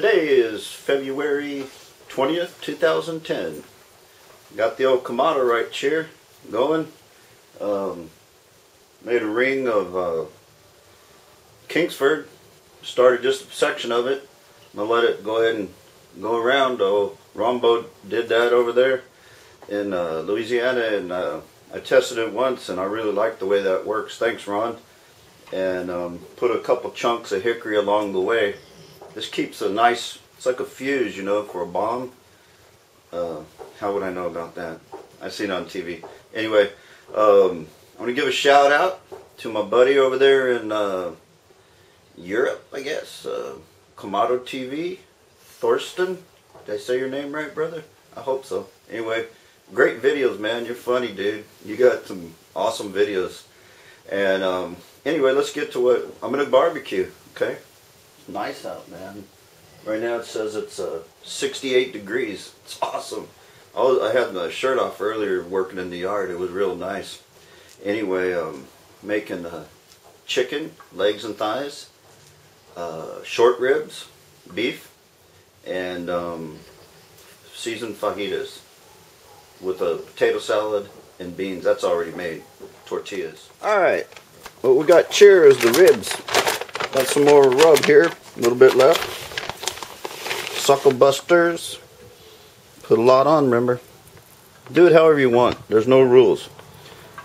Today is February 20th, 2010. Got the old Kamada right here going. Um, made a ring of uh, Kingsford. Started just a section of it. I'm going to let it go ahead and go around. Oh, Rombo did that over there in uh, Louisiana and uh, I tested it once and I really like the way that works. Thanks Ron. And um, put a couple chunks of hickory along the way. This keeps a nice, it's like a fuse, you know, for a bomb. Uh, how would I know about that? I've seen it on TV. Anyway, um, I'm going to give a shout out to my buddy over there in uh, Europe, I guess. Uh, Kamado TV, Thorsten. Did I say your name right, brother? I hope so. Anyway, great videos, man. You're funny, dude. You got some awesome videos. And um, anyway, let's get to what I'm going to barbecue, okay? nice out, man. Right now it says it's uh, 68 degrees. It's awesome. I, was, I had my shirt off earlier working in the yard. It was real nice. Anyway, um, making uh, chicken, legs and thighs, uh, short ribs, beef, and um, seasoned fajitas with a potato salad and beans. That's already made. Tortillas. All right. What we got here is the ribs. Got some more rub here. A little bit left. Suckle busters. Put a lot on, remember. Do it however you want. There's no rules.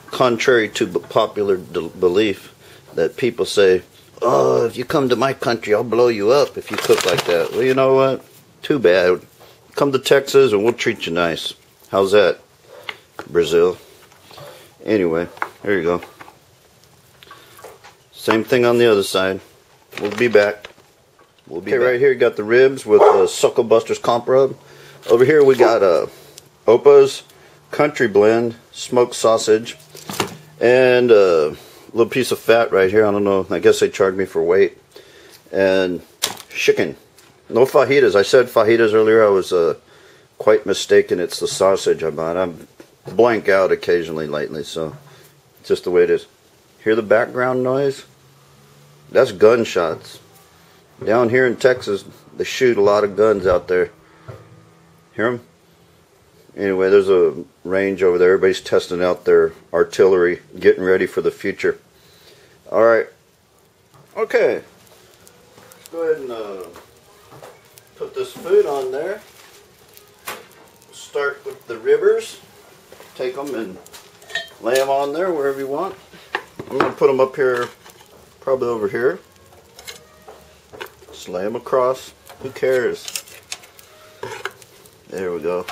Contrary to popular belief that people say, oh, if you come to my country, I'll blow you up if you cook like that. Well, you know what? Too bad. Come to Texas and we'll treat you nice. How's that, Brazil? Anyway, there you go. Same thing on the other side. We'll be back. We'll be okay, back. right here you got the ribs with the Suckle Busters comp rub. Over here we got uh, Opa's Country Blend smoked sausage and a uh, little piece of fat right here. I don't know. I guess they charged me for weight. And chicken. No fajitas. I said fajitas earlier. I was uh, quite mistaken. It's the sausage I bought. I'm blank out occasionally lately, so just the way it is. Hear the background noise? That's gunshots. Down here in Texas, they shoot a lot of guns out there. Hear them? Anyway, there's a range over there. Everybody's testing out their artillery, getting ready for the future. All right. Okay. Let's go ahead and uh, put this food on there. Start with the rivers. Take them and lay them on there wherever you want. I'm going to put them up here, probably over here them across. Who cares? There we go.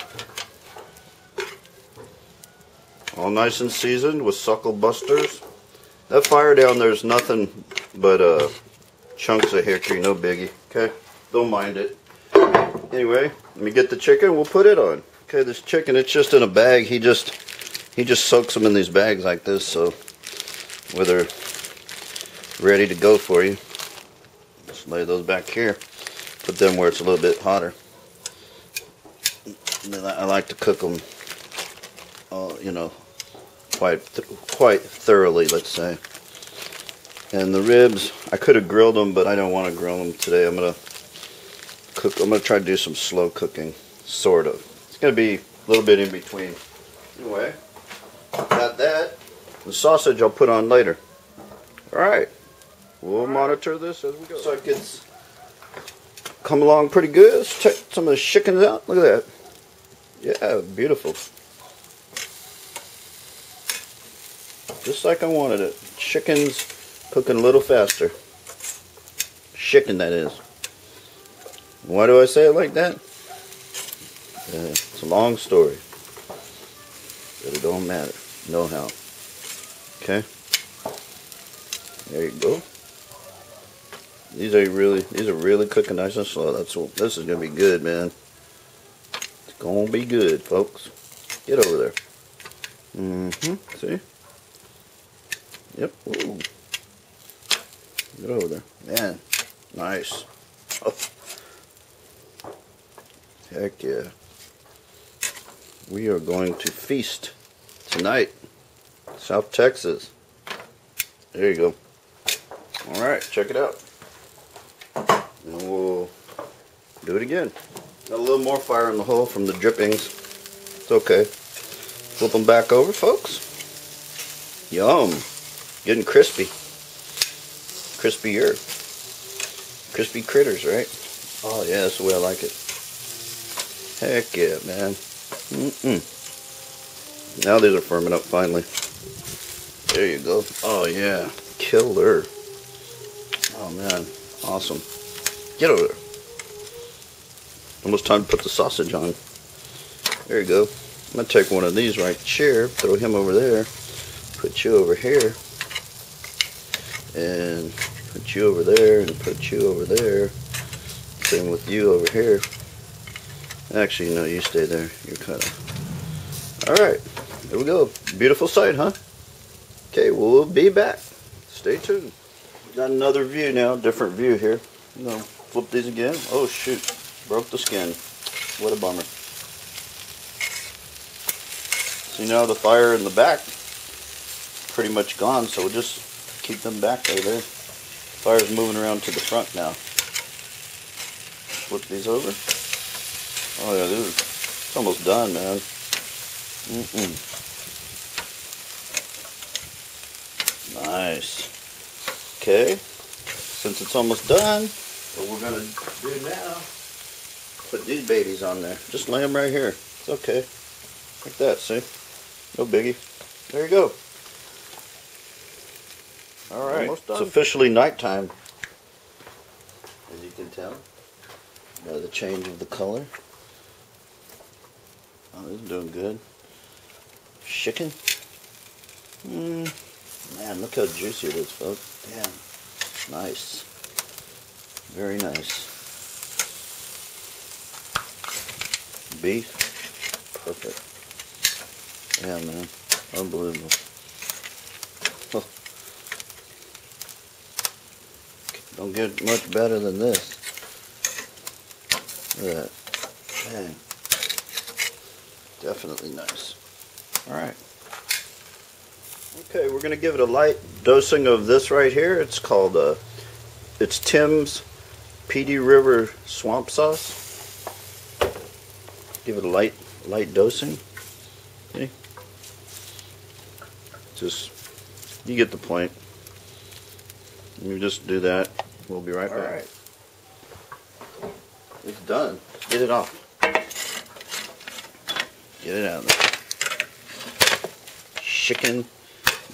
All nice and seasoned with suckle busters. That fire down there's nothing but uh, chunks of hickory, no biggie. Okay, don't mind it. Anyway, let me get the chicken. We'll put it on. Okay, this chicken, it's just in a bag. He just he just soaks them in these bags like this, so whether ready to go for you lay those back here. Put them where it's a little bit hotter. I like to cook them, uh, you know, quite th quite thoroughly, let's say. And the ribs, I could have grilled them, but I don't want to grill them today. I'm gonna cook. I'm gonna try to do some slow cooking, sort of. It's gonna be a little bit in between. Anyway, got that. The sausage I'll put on later. All right. We'll monitor this as we go. Circuits come along pretty good. Let's check some of the chickens out. Look at that. Yeah, beautiful. Just like I wanted it. Chicken's cooking a little faster. Chicken, that is. Why do I say it like that? Uh, it's a long story. But it don't matter. No how. Okay. There you go. These are really, these are really cooking nice and slow. That's what, this is gonna be good, man. It's gonna be good, folks. Get over there. Mm-hmm. See? Yep. Ooh. Get over there, man. Nice. Oh. Heck yeah. We are going to feast tonight. South Texas. There you go. All right, check it out and we'll do it again. Got a little more fire in the hole from the drippings. It's okay. Flip them back over, folks. Yum. Getting crispy. Crispier. Crispy critters, right? Oh, yeah, that's the way I like it. Heck yeah, man. Mm-mm. Now these are firming up finally. There you go. Oh, yeah. Killer. Oh, man. Awesome. Get over there. Almost time to put the sausage on. There you go. I'm going to take one of these right here, throw him over there, put you over here, and put you over there, and put you over there. Same with you over here. Actually, no, you stay there. You're kind of... Alright, there we go. Beautiful sight, huh? Okay, we'll be back. Stay tuned. Got another view now, different view here. No flip these again. Oh shoot, broke the skin. What a bummer. See now the fire in the back pretty much gone, so we'll just keep them back there. there. Fire's moving around to the front now. Flip these over. Oh yeah, these are, it's almost done, man. Mm -mm. Nice. Okay, since it's almost done, what we're going to do now, put these babies on there. Just lay them right here. It's okay. Like that, see? No biggie. There you go. All right, it's officially nighttime. As you can tell by the change of the color. Oh, this is doing good. Chicken. Mm. Man, look how juicy it is, folks. Damn. Nice. Very nice. Beef, perfect. Yeah, man, unbelievable. Don't get much better than this. Look at that. Man. Definitely nice. Alright. Okay, we're going to give it a light dosing of this right here. It's called, uh, it's Tim's PD River swamp sauce. Give it a light, light dosing. Okay. Just, you get the point. You just do that. We'll be right All back. Right. It's done. Get it off. Get it out there. Chicken,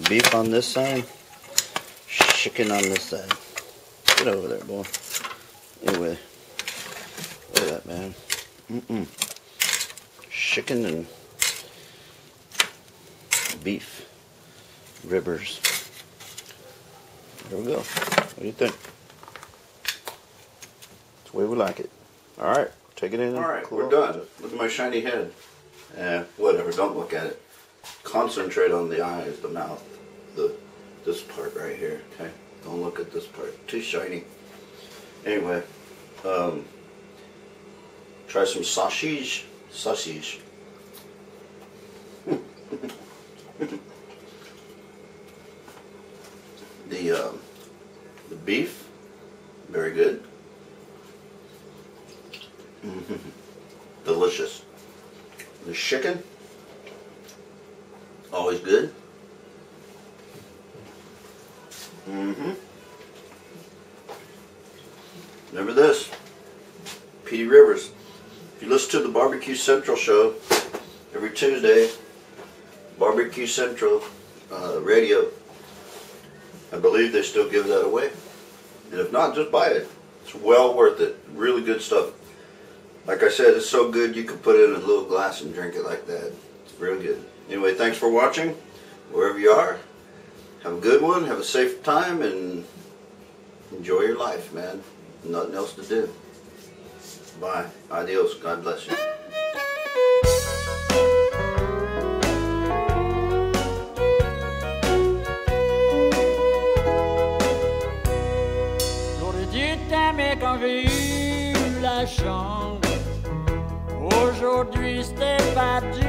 beef on this side, chicken on this side. Get over there, boy. Anyway, look at that, man. Mm-mm. Chicken and beef ribbers. There we go. What do you think? It's the way we like it. All right, take it in. All right, we're done. Look at my shiny head. Eh, whatever, don't look at it. Concentrate on the eyes, the mouth, the this part right here, okay? Don't look at this part. Too shiny. Anyway, um, try some sausage. Sausage. the, um, the beef, very good. Delicious. The chicken, Remember this, Pete Rivers. If you listen to the Barbecue Central show every Tuesday, Barbecue Central uh, radio, I believe they still give that away. And if not, just buy it. It's well worth it. Really good stuff. Like I said, it's so good you can put it in a little glass and drink it like that. It's really good. Anyway, thanks for watching. Wherever you are, have a good one. Have a safe time and enjoy your life, man. nothing else to do. Bye. Adios. God bless you. Aujourd'hui, c'était pas dur.